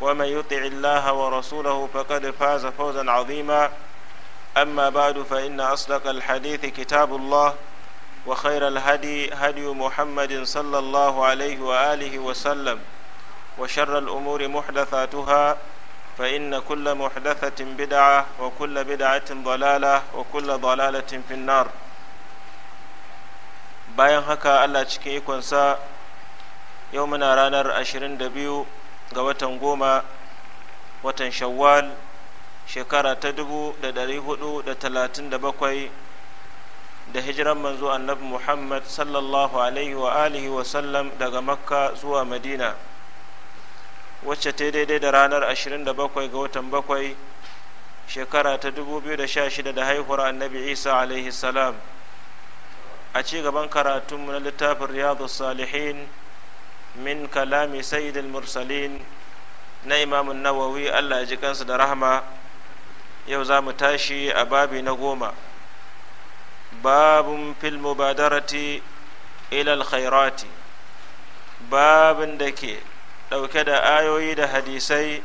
ومن يطع الله ورسوله فقد فاز فوزا عظيما أما بعد فإن أصدق الحديث كتاب الله وخير الهدي هدي محمد صلى الله عليه وآله وسلم وشر الأمور محدثاتها فإن كل محدثة بدعة وكل بدعة ضلالة وكل ضلالة في النار bayan haka Allah cikin ikonsa yau muna ranar 22 ga watan goma watan shawwal shekara ta dubu da dari hudu da talatin da bakwai da hijiran manzo annabi muhammad sallallahu alaihi wa alihi wa sallam daga makka zuwa madina wacce ta daidai da ranar 27 ga watan bakwai shekara ta 2016 da haihuwar annabi isa alaihi salam a ci gaban karatunmu na littafin riyadu salihin min kalami sayyidil mursalin na imamun nawawi allah ya ji kansu da rahama yau za mu tashi a babi na goma babun fil mubadarati ilal khairati babin da ke ɗauke da ayoyi da hadisai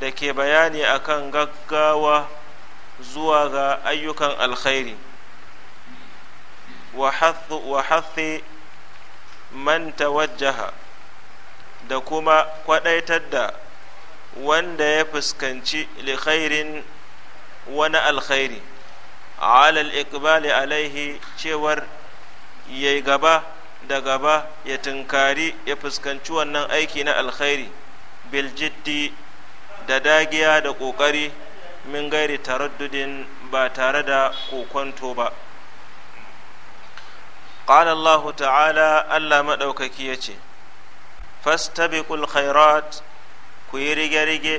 da ke bayani akan gaggawa zuwa ga ayyukan alkhairi wa hathi man da kuma kwadaitar da wanda ya fuskanci likhairin wani alkhairi alal ikbali alaihi cewar ya gaba da gaba ya tunkari ya fuskanci wannan aiki na alkhairi biljiddi da dagiya da ƙoƙari min gairi taraddudin ba tare da kokonto ba ƙalallahu ta'ala allah maɗaukaki ya ce fastabiqul khairat ku yi rige-rige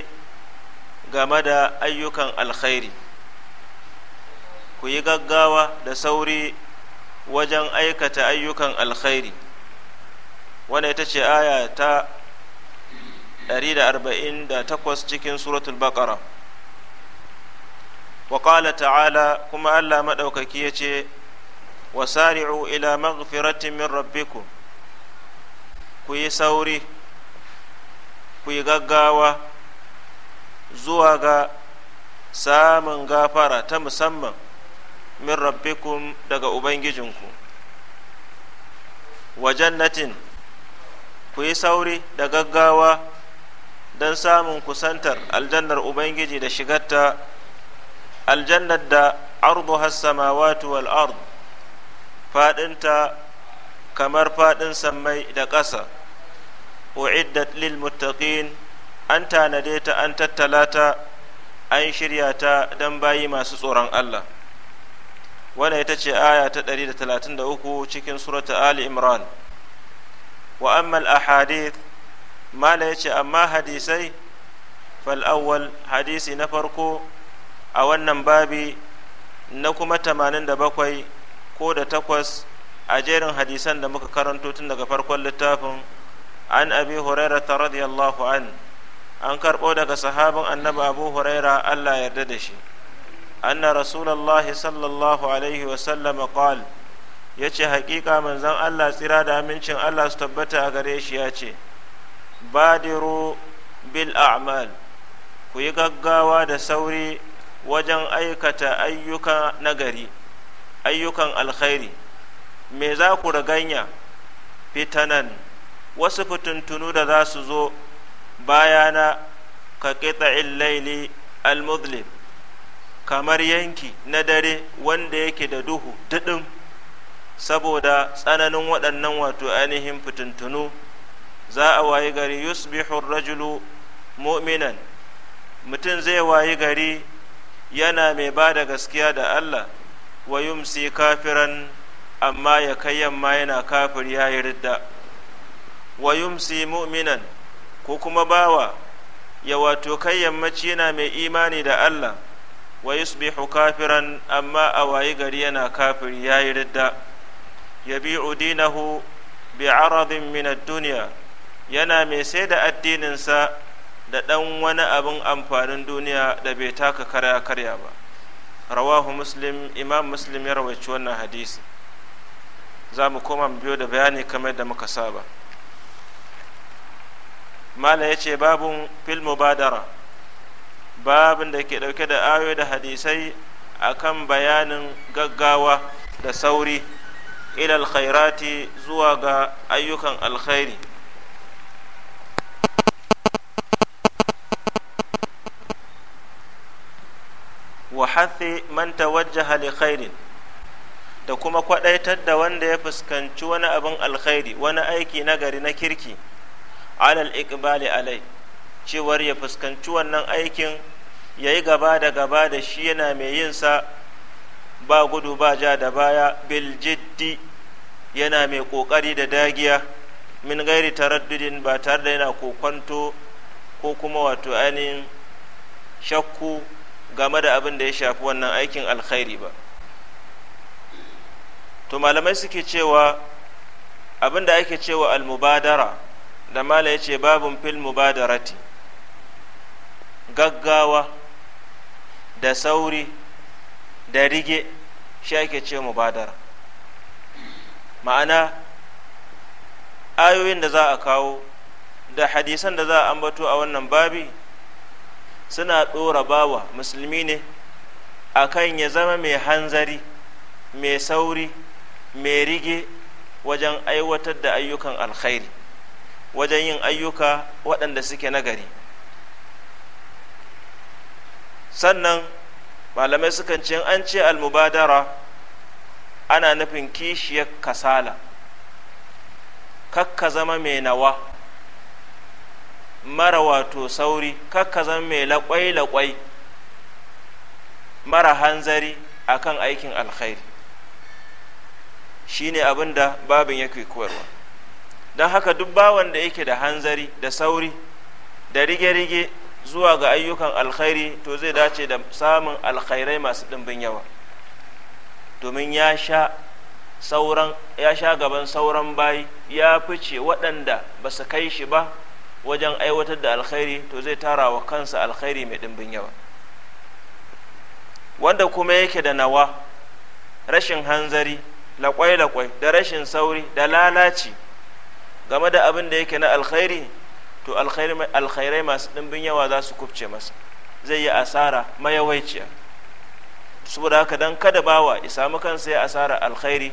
game da ayyukan alkhairi ku yi gaggawa da sauri wajen aikata ayyukan alkhairi wannan ita ce aya ta 148 cikin suratul baqara wa qala ta'ala kuma Allah madaukaki yace wasari'u ila maghfiratin min rabbikum ku yi sauri ku yi gaggawa zuwa ga samun gafara ta musamman min rabbikum daga ubangijinku wa jannatin ku yi sauri da gaggawa don samun kusantar aljannar ubangiji da shigarta aljannar da ardu samawatu wal ard fadinta kamar fadin sammai da ƙasa uiddat lil muttaqin an tanade ta an tattalata an shirya ta don bayi masu tsoron Allah wannan ita ce aya ta 133 cikin surata Ali Imran wa amma al-ahadith mala yace amma hadisai fal awwal hadisi na farko a wannan babi na kuma 87 ko da takwas a jerin hadisan da muka karanto tun daga farkon littafin an abi huraira ta radiyallahu an an karɓo daga sahabin annabi abu huraira allah yarda da shi anna rasulallahi sallallahu alaihi wasallama qal ya ce haƙiƙa manzan allah tsira da amincin allah su tabbata a gare shi ya ce badiru bil a'mal ku yi gaggawa da sauri wajen aikata ayyuka nagari ayyukan alkhairi me za ku raganya fitanan wasu fitintunu da za su zo bayana ka ƙita'in laili al kamar yanki na dare wanda yake da duhu duɗin saboda tsananin waɗannan wato ainihin fitintunu za a wayi gari yusbihur rajulu mu'minan mutum zai wayi gari yana mai ba da gaskiya da Allah wa yumsi kafiran amma ya kai yamma yana kafir ya yi ridda wa yumsi mu'minan ko kuma bawa ya wato kai yammaci yana mai imani da Allah wa yusbihu kafiran amma a wayi gari yana kafiri yayi ridda bi udinahu bi'aradin min ad-dunya yana mai sai da addininsa da ɗan wani abin amfanin duniya da bai taka karya karya ba rawahu muslim imam muslim ya rawaici wannan hadisi za mu koma mu biyo da bayani kamar da muka saba mala ya ce babun fil mubadara babin da ke ɗauke da ayoyi da hadisai akan bayanin gaggawa da sauri ilal khairati zuwa ga ayyukan alkhairi wa hathi man tawajjaha li khairin da kuma kwadaitar da wanda ya fuskanci wani abin alkhairi wani aiki nagari na kirki alal iqbali alai cewar ya fuskanci wannan aikin ya yi gaba da gaba da shi yana mai yinsa ba gudu ba ja da baya bil jiddi yana mai ƙoƙari da dagiya min gairi taraddudin ba tare da yana kokwanto ko kuma wato ainihin shakku game da abin da ya shafi wannan aikin alkhairi ba to malamai suke cewa abin da ake cewa almubadara da mala ya ce babin fil mubadarati gaggawa da sauri da rige shi ake ce mubadara ma'ana ayoyin da za a kawo da hadisan da za a ambato a wannan babi suna ɗora bawa musulmi ne akan ya zama mai hanzari mai sauri mai rige wajen aiwatar da ayyukan alkhairi wajen yin ayyuka waɗanda suke nagari sannan malamai sukan ce an ce almubadara ana nufin kishiyar kasala kakka zama mai nawa mara wato sauri kakka zama mai laƙwai-laƙwai mara hanzari akan aikin alkhairi shine abinda babin yake koyarwa don haka duk bawan da yake da hanzari da sauri da rige-rige zuwa ga ayyukan alkhairi to zai dace da samun alkhairai masu ɗimbin yawa domin ya sha sauran ya sha gaban sauran bayi ya fice waɗanda ba su kai shi ba wajen aiwatar da alkhairi to zai tara wa kansa alkhairi mai ɗimbin yawa wanda kuma yake da nawa rashin hanzari laƙwai-laƙwai da rashin sauri da lalaci game da abin da yake na alkhairi to alkhairai masu ɗimbin yawa za su kubce masa zai yi asara mayawaiciya saboda haka don kada bawa ya samu kansa ya asara alkhairi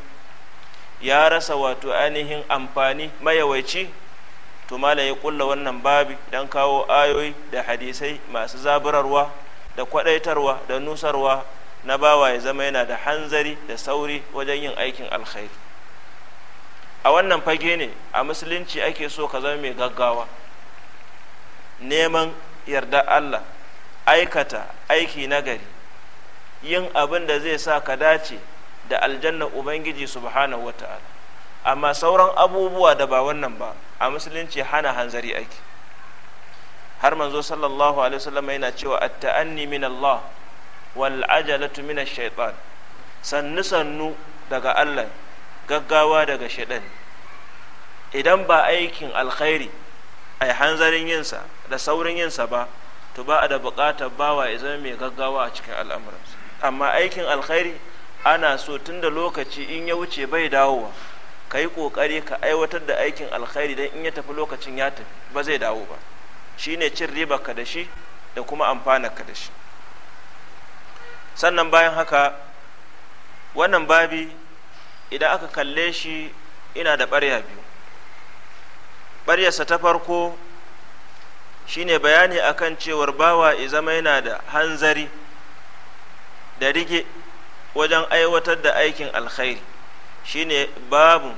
ya rasa wato ainihin amfani mayawaici to mala ya kulla wannan babi don kawo ayoyi da hadisai masu zaburarwa da kwadaitarwa da nusarwa na bawa ya zama yana da hanzari da sauri wajen yin aikin alkhairi a wannan fage ne a musulunci ake so ka zama mai gaggawa neman yarda Allah aikata aiki nagari yin abin da zai sa ka dace da aljanna ubangiji subhanahu wata'ala amma sauran abubuwa da ba wannan ba a musulunci hana hanzari ake har manzo sallallahu alaihi wasallam yana cewa at-ta'anni min Allah wal ajalatu min ash-shaytan sannu sannu daga Allah gaggawa daga shaɗan idan ba aikin alkhairi a hanzarin yinsa da saurin yinsa ba to ba a da buƙatar bawa ya zama mai gaggawa a cikin al'amuransa amma aikin alkhairi ana so tun da lokaci in ya wuce bai dawowa ka yi ƙoƙari ka aiwatar da aikin alkhairi don in ya tafi lokacin ya tafi ba zai dawo ba shi ne cin riba ka da shi da kuma amfana ka da shi sannan bayan haka wannan babi idan aka kalle shi ina da ɓarya biyu ɓaryarsa ta farko shine bayani akan cewar bawa zama yana da hanzari da rige wajen aiwatar da aikin alkhairi shine babu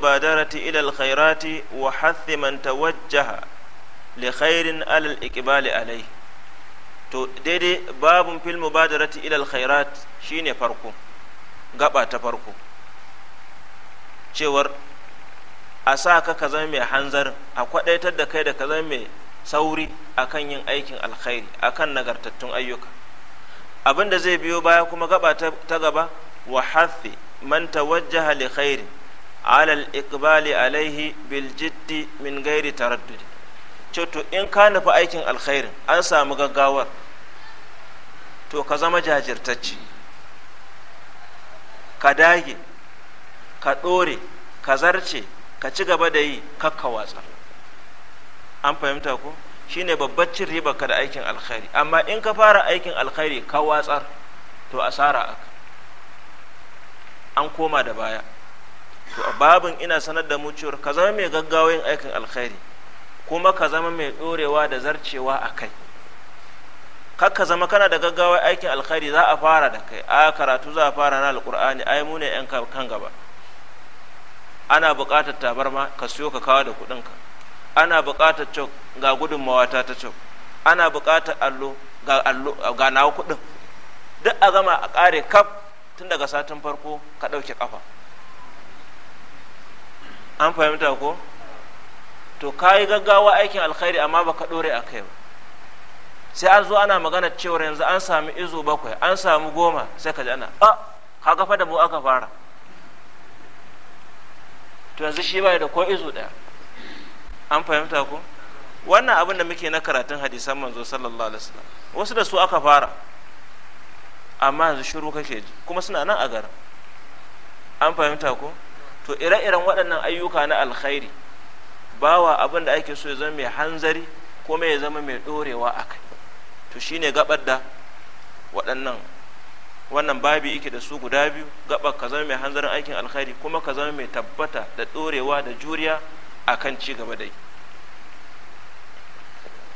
ba darati ila alkhairati wa hathi wajaha tawajjaha li khairin alal ikibali alai to daidai babun ba darati ila shi shine farko gaba ta farko cewar a sa ka ka zama mai hanzarin a kwadaitar da kai da ka zama mai sauri a kan yin aikin alkhairi a kan nagartattun ayyuka abin da zai biyo baya kuma gaba ta gaba wa hafi man tawajja li khairin alal iqbali alaihi bil jiddi min gairi taraddudi to in ka nufi aikin alkhairin an samu gaggawar to ka zama jajirtacce ka dage ka ɗore ka zarce ka ci gaba da yi kakka watsar an fahimta ko shine babbar cin riba ka da aikin alkhairi amma in ka fara aikin alkhairi ka watsar to asara aka an koma da baya to a babin ina sanar da mu cewar ka zama mai gaggawa yin aikin alkhairi kuma ka zama mai ɗorewa da zarcewa a kai Kakka zama kana da gaggawa aikin alkhairi za a fara da kai a karatu za a fara na alkur'ani ai mu ne yan kan gaba ana buƙatar tabarma ka siyo ka kawo da kuɗinka ana buƙatar cok ga gudunmawa ta ta cok ana buƙatar allo ga allo ga nawa kuɗin duk a gama a ƙare kaf tun daga satin farko ka ɗauke ƙafa an fahimta ko to ka yi gaggawa aikin alkhairi amma ba ka ɗore a kai ba sai an zo ana magana cewar yanzu an sami izo bakwai an sami goma sai ka ji ana a ah, kaga fa da mu aka fara to yanzu shi bai da ko izu ɗaya an fahimta ko wannan abin da muke na karatun hadisan manzo sallallahu alaihi wasallam wasu da su aka fara amma yanzu shiru kake ji kuma suna nan a garin an fahimta ko to ire-iren waɗannan ayyuka na alkhairi bawa abin da ake so ya zama mai hanzari kuma ya zama mai ɗorewa a kai to shine gabar da waɗannan wannan babi ike da su guda biyu gaba ka zama mai hanzarin aikin alkhairi kuma ka zama mai tabbata da ɗorewa da juriya a kan ci gaba dai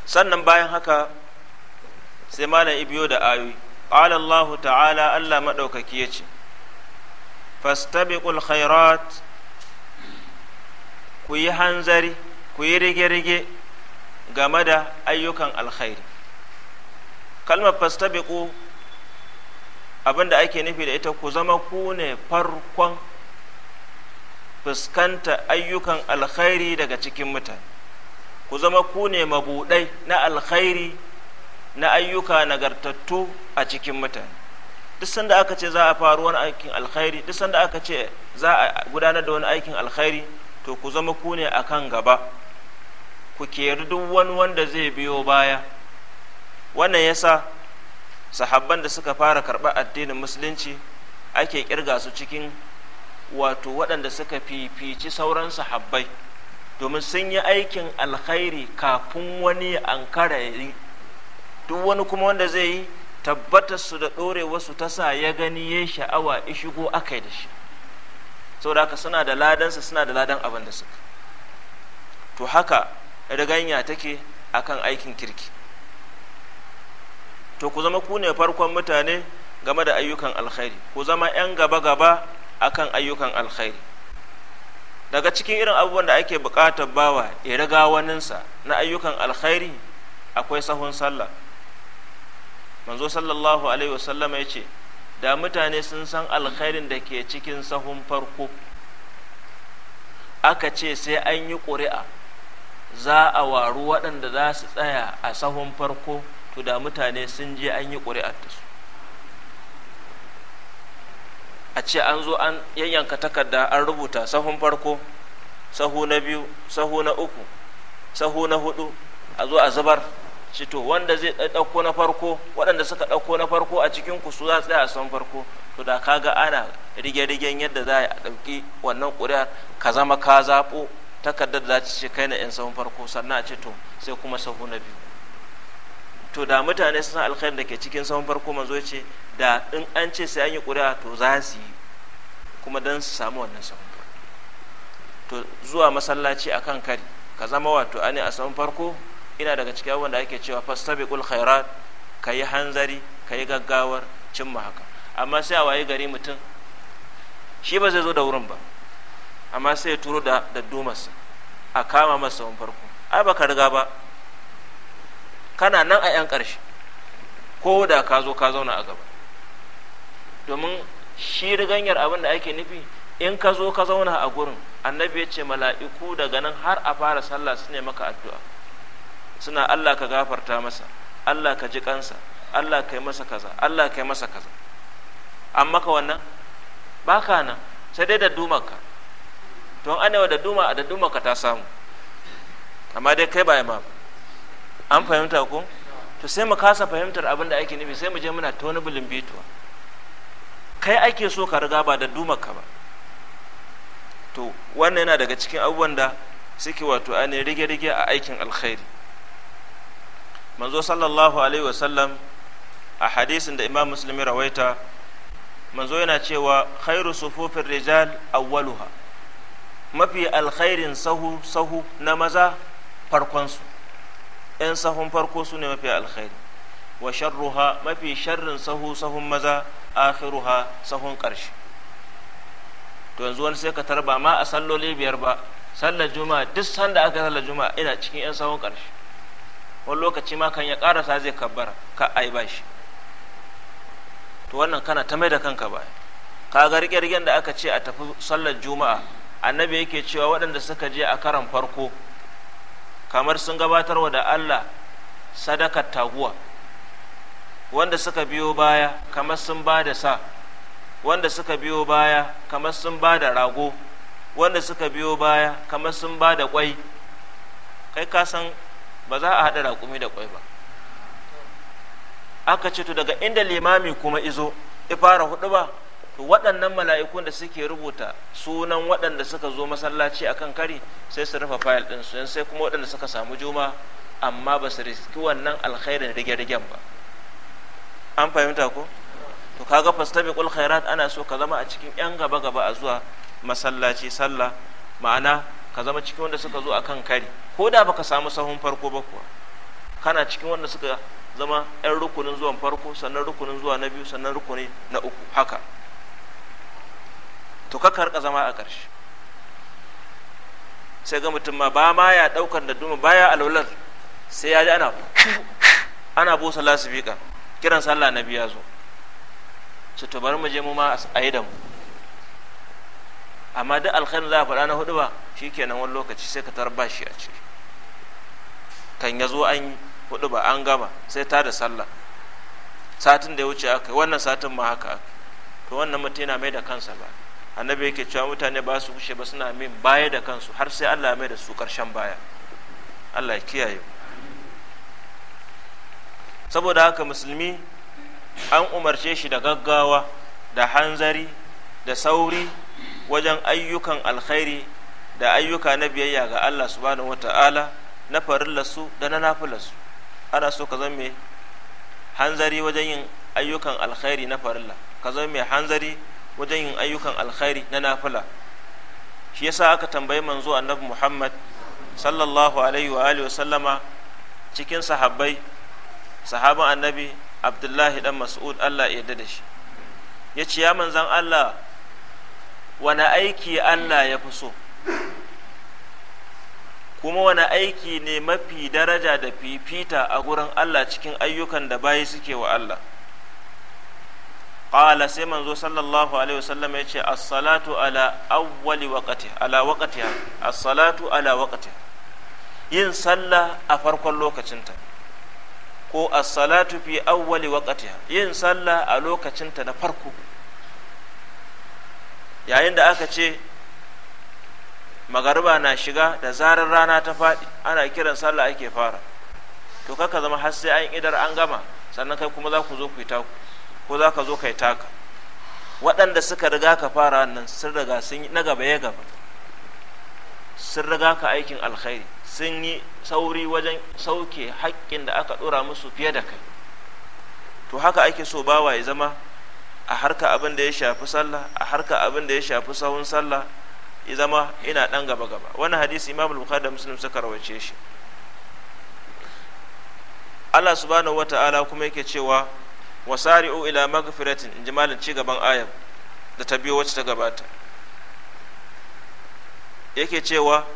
sannan bayan haka sai malam ibiyo da ayoyi ƙalan allahu ta'ala allah maɗaukaki ya ce fastabiqul khairat ku yi hanzari ku yi rige-rige game da ayyukan alkhairi kalmar fastabiqu abin da ake nufi da ita ku zama ku ne farkon fuskanta ayyukan alkhairi daga cikin mutane ku zama ku ne mabuɗai na alkhairi na ayyuka nagartattu a cikin mutane duk sanda aka ce za a faru wani aikin alkhairi duk sanda aka ce za a gudanar da wani aikin alkhairi to ku zama ku ne a gaba ku keri duk wani wanda zai biyo baya wannan yasa sahabban da suka fara karɓar addinin musulunci ake kirga su cikin wato waɗanda suka fifici sauran sahabbai domin sun yi aikin alkhairi kafin wani an ankara yi duk wani kuma wanda zai yi tabbatar su da ɗore wasu ta sa ya gani ya sha'awa ya shigo aka yi da shi saboda haka suna da ladansa suna da ladan abin da suka to haka riganya take akan aikin kirki to ku zama ku ne farkon mutane game da ayyukan alkhairi ku zama 'yan gaba-gaba akan ayyukan alkhairi daga cikin irin abubuwan da ake buƙatar bawa ya riga sa na ayyukan alkhairi akwai sahun sallah manzo sallallahu alaihi wasallam ya ce da mutane sun san alkhairin da ke cikin sahun farko aka ce sai an yi ƙuri'a za a waru waɗanda za su tsaya a sahun farko to da mutane sun je an yi ƙuri'ar da su a ce an zo an yanyanka takarda an rubuta sahun farko sahu na biyu sahu na uku sahu na hudu a zo a zubar shi to wanda zai ɗauko na farko waɗanda suka ɗauko na farko a cikin ku su za tsaya a san farko to da ga ana rige-rigen yadda za a ɗauki wannan ƙuri'ar ka zama ka zaɓo takardar da za ta ce kai na 'yan sahun farko sannan a ce to sai kuma sahu na biyu to da mutane su san alkhairin da ke cikin sahun farko manzo ce da in an ce sai an yi ƙuri'a to za su yi kuma don su samu wannan sahun to zuwa masallaci akan kari ka zama wato ani a sahun farko ina daga cikin abubuwan da ake cewa fastabiqul khairat kayi hanzari kayi gaggawar cimma haka amma sai a waye gari mutum shi ba zai zo da wurin ba amma sai ya turo da daddumas a kama masa sahun farko ai ka riga ba kana nan a 'yan ƙarshe ko da ka zo ka zauna a gaba domin shi riganyar abin da ake nufi in ka zo ka zauna a gurin annabi ya ce mala'iku daga nan har a fara sallah su ne maka addu'a suna allah ka gafarta masa allah ka ji kansa allah ka yi masa kaza allah ka yi masa kaza an maka wannan ba ka nan sai dai da dumarka don an yi wa da duma a da dumarka ta samu amma dai kai ba imam an fahimta ko to sai mu kasa fahimtar abin da ake nufi sai mu je muna tona wani bulin bituwa kai ake so ka riga ba da dumaka ba to wannan yana daga cikin abubuwan da suke wato ne rige-rige a aikin alkhairi manzo sallallahu alaihi wasallam a hadisin da imam musulmi rawaita manzo yana cewa khairu sufufin rijal awwaluha mafi alkhairin sahu sahu na maza farkonsu 'yan sahun farko su ne mafi alkhairi wa sharruha mafi sharrin sahu sahun maza akhiruha sahun ƙarshe to yanzu wani sai ka tarba ma a salloli biyar ba sallar juma'a duk sanda aka sallar juma'a ina cikin 'yan sahun ƙarshe wani lokaci ma kan ya karasa zai kabbara ka ai bashi to wannan kana ta mai da kanka ba ka ga rike-riken da aka ce a tafi sallar juma'a annabi yake cewa waɗanda suka je a karan farko kamar sun gabatar wa da Allah sadakar taguwa wanda suka biyo baya kamar sun ba da sa wanda suka biyo baya kamar sun ba da rago wanda suka biyo baya kamar sun ba da kwai kai ka san ba za a haɗa raƙumi da kwai ba aka ce to daga inda limami kuma izo ya fara hudu ba to waɗannan mala'ikun da suke rubuta sunan waɗanda suka zo masallaci a kan kari sai su rufe fayil ɗin su sai kuma waɗanda suka samu juma amma ba su riski wannan alkhairin rige-rigen ba an fahimta ko to kaga fastabiqul khairat ana so ka zama a cikin yan gaba gaba a zuwa masallaci sallah ma'ana ka zama cikin wanda suka zo akan kari ko da baka samu sahun farko ba kuwa kana cikin wanda suka zama yan rukunin zuwan farko sannan rukunin zuwa na biyu sannan rukuni na uku haka to ka karka zama a ƙarshe sai ga mutum ma ba ma ya ɗaukar da duma baya alwalar sai ya ji ana ana busa lasifika kiran sallah na biya zo su to bari mu je mu ma a yi da mu amma duk alkhairin za a faɗa na hudu ba shi nan wani lokaci sai ka ba shi a ciki kan ya zo an hudu ba an gama sai ta da sallah satin da ya wuce aka yi wannan satin ma haka aka to wannan mutum yana mai da kansa ba annabi yake cewa mutane ba su kushe ba suna min baya da kansu har sai Allah mai da su karshen baya Allah ya kiyaye saboda haka musulmi an umarce shi da gaggawa da hanzari da sauri wajen ayyukan alkhairi da ayyuka na biyayya ga Allah subhanahu wata'ala na farillarsu da na nafilarsu ana so ka zama hanzari wajen yin ayyukan alkhairi na farilla ka zama mai hanzari wajen yin ayyukan alkhairi na nafila shi yasa aka tambayi manzo annabi muhammad sallallahu alaihi wa alihi sallama cikin sahabbai sahaban annabi abdullahi dan mas'ud allah ya da shi ya ce ya manzan allah wani aiki allah ya fi so kuma wani aiki ne mafi daraja da fifita a gurin allah cikin ayyukan da bayi suke wa allah qala sai manzo sallallahu alaihi wasallam ya ce as-salatu ala awwali waqti ala waqtiha as-salatu ala waqtiha yin sallah a farkon lokacinta ko as-salatu fi awwali waqtiha yin sallah a lokacinta na farko yayin da aka ce magariba na shiga da zarar rana ta faɗi ana kiran sallah ake fara to kaka zama har sai an idar an gama sannan kai kuma za ku zo ku yi taku ko za ka zo kai taka waɗanda suka riga ka fara nan sun riga sun yi na gaba ya gaba sun riga ka aikin alkhairi sun yi sauri wajen sauke haƙƙin da aka ɗora musu fiye da kai to haka ake so bawa ya zama a harka abin da ya shafi sallah a harka abin da ya shafi sahun sallah ya zama ina ɗan gaba gaba wani hadisi imam bukhari da muslim suka rawace shi Allah subhanahu ta'ala kuma yake cewa wasari'u ila magfiratin in ji malin ci gaban ayar da ta biyo wacce ta gabata yake cewa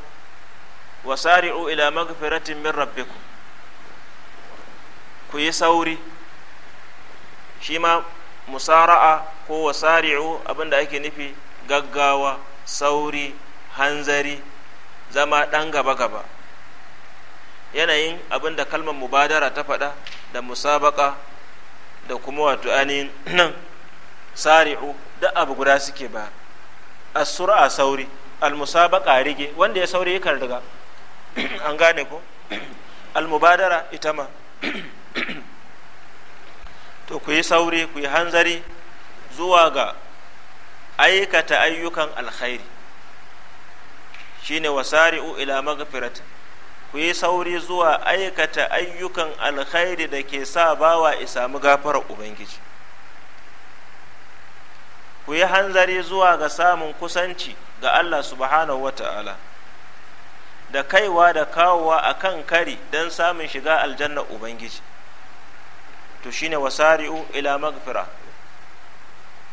wasari'u ila magfiratin min rabbikum ku yi sauri shi ma musara'a ko wasari'u abinda ake nufi gaggawa sauri hanzari zama ɗan gaba-gaba yanayin abinda kalmar mubadara ta faɗa da musabaka da kuma wato ainihin nan sari'u da abu guda suke ba a sura sauri almusabaqa rige wanda ya sauri yakan riga an gane ko almubadara ita ma to ku yi sauri ku yi hanzari zuwa ga aikata ayyukan alkhairi shine wasari'u ila maghfiratin ku yi sauri zuwa aikata ayyukan alkhairi da ke sa bawa isamu gafarar ubangiji ku yi hanzari zuwa ga samun kusanci ga allah subhanahu wata'ala da kaiwa da kawowa a kan kari don samun shiga aljanna ubangiji to shine wasari'u ila magfira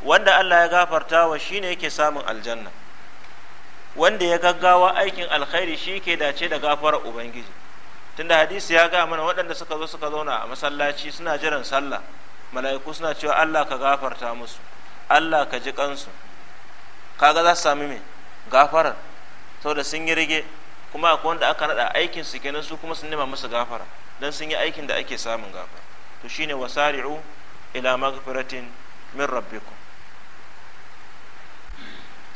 wanda allah ya gafarta wa shine yake samun aljanna wanda ya gaggawa aikin alkhairi shi ke dace da gafarar ubangiji tunda hadisi ya ga mana waɗanda suka zo suka zauna a masallaci suna jiran sallah mala'iku suna cewa Allah ka gafarta musu Allah ka ji kansu kaga za su sami me gafarar saboda sun yi rige kuma akwai wanda aka nada aikin su kenan su kuma sun nema musu gafara dan sun yi aikin da ake samun gafara to shine wasari'u ila magfiratin min rabbikum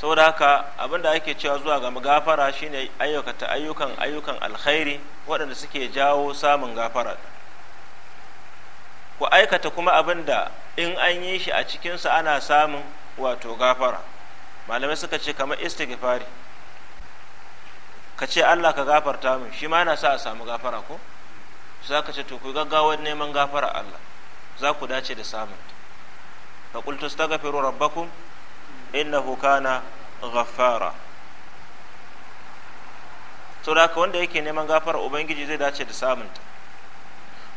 saboda haka abinda ake cewa zuwa ga gafara shine ayyukata ayyukan ayyukan alkhairi waɗanda suke jawo samun gafara ku aikata kuma abinda in an yi shi a cikinsa ana samun wato gafara malamai suka ce kamar istighfari ka ce Allah ka gafarta min shi ma yana sa a samu gafara ko za ka ce to ku gaggawar neman gafara Allah za ku dace da samun ta qultu astaghfiru rabbakum innahu kana ghaffara to da wanda yake neman gafara ubangiji zai dace da samun ta.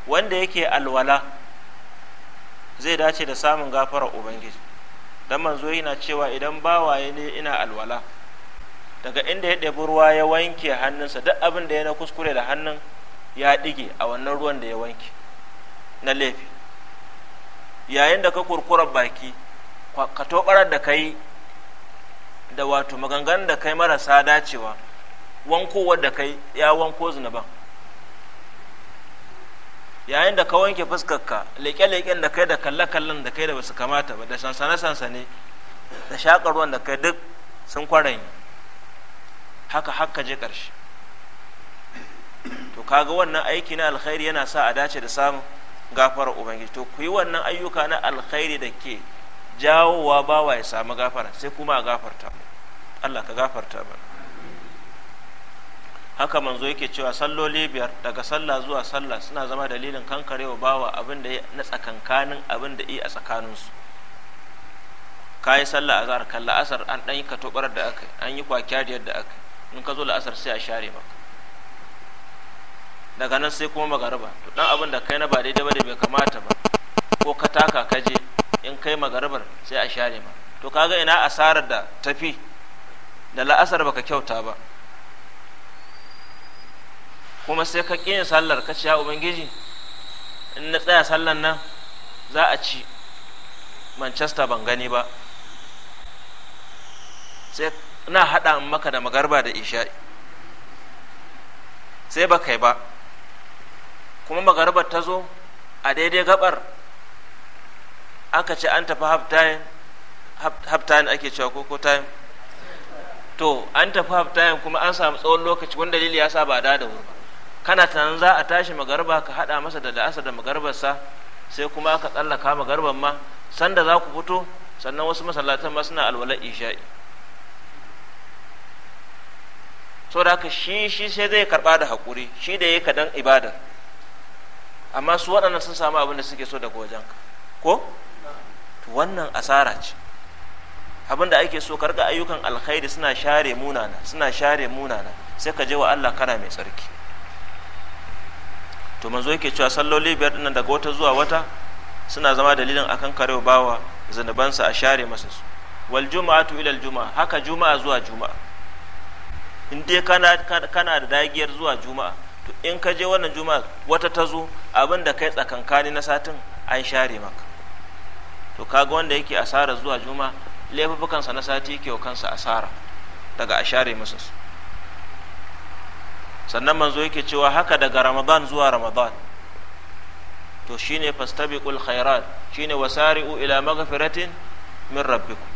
wanda yake alwala zai dace da samun gafara ubangiji dan manzo yana cewa idan bawaye ne ina alwala daga inda ya ɗebi ruwa ya wanke hannunsa duk abin da ya na kuskure da hannun ya ɗige a wannan ruwan da ya wanke na laifi yayin da ka kurkurar baki ka tobarar da kai da wato maganganun da kai marasa dacewa wankowar da kai ya wanko zunuban yayin da ka wanke fuskarka leƙe-leƙen da kai da kalle-kallen da kai da basu kamata ba da sansane-sansane da shaƙar da kai duk sun kwaranyi haka haka je ƙarshe to kaga wannan aiki na alkhairi yana sa a dace da samun gafara ubangiji to ku yi wannan ayyuka na alkhairi da ke jawowa bawa ya samu gafara sai kuma a gafarta Allah ka gafarta ba. haka manzo yake cewa salloli biyar daga sallah zuwa sallah suna zama dalilin kankarewa bawa abin da na tsakankanin abin da yi a tsakaninsu ka yi sallah azhar kalla asar an dan yi katobar da aka an yi kwakiya da yadda aka in ka zo la'asar sai a share maka daga nan sai kuma magariba to dan abin da kai na ba daidai ba da bai kamata ba ko ka taka ka je in kai magaribar sai a share ma to kaga ina asarar da tafi da la'asar baka kyauta ba kuma sai ka ƙin sallar ka ubangiji in na tsaya sallar nan za a ci manchester ban gani ba sai na haɗa maka da magarba da isha'i sai ba kai ba kuma magarbar ta zo a daidai gabar aka ce an tafi half time ake cewa ko ko time to an tafi half time kuma an samu tsawon lokaci wanda dalili ya saba ba da da kana tunanin za a tashi magarba ka hada masa da la'asa da magarbarsa sai kuma aka tsallaka magarban ma sanda za ku fito sannan wasu masallatan ma suna alwalar isha'i so da haka shi shi sai zai karba da hakuri shi da ya kadan ibada amma su waɗannan sun samu abin da suke so daga wajenka ko to wannan asara ce abin da ake so ga ayyukan alkhairi suna share munana suna share munana sai ka je wa Allah kana mai tsarki to manzo yake cewa salloli biyar dinnan daga wata zuwa wata suna zama dalilin akan karewa bawa zanubansa a share masa su wal juma'atu ila juma'a haka juma'a zuwa juma'a in dai kana kana da dagiyar zuwa juma'a to in ka je wannan juma'a wata ta zo abin da kai tsakankani na satin an share maka to kaga wanda yake asara zuwa juma sa na sati yake wa kansa asara daga ashare musu sannan manzo yake cewa haka daga ramadan zuwa ramadan to shine fastabiqul khairat shine wasari'u ila maghfiratin min rabbikum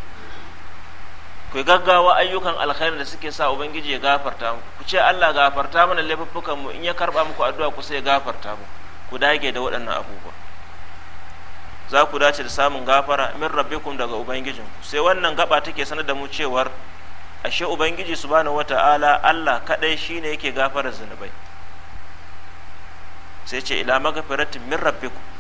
ku gaggawa ayyukan alkhairi da suke sa ubangiji ya gafarta mu ku ce Allah gafarta mana laifuffukan mu in ya karba muku addu'a ku sai ya gafarta mu ku dage da waɗannan abubuwa za ku dace da samun gafara min rabbikum daga ubangijin sai wannan gaba take sanar da mu cewar ashe ubangiji subhanahu wata'ala Allah kadai shine yake gafara zunubai sai ce ila magfiratin min rabbikum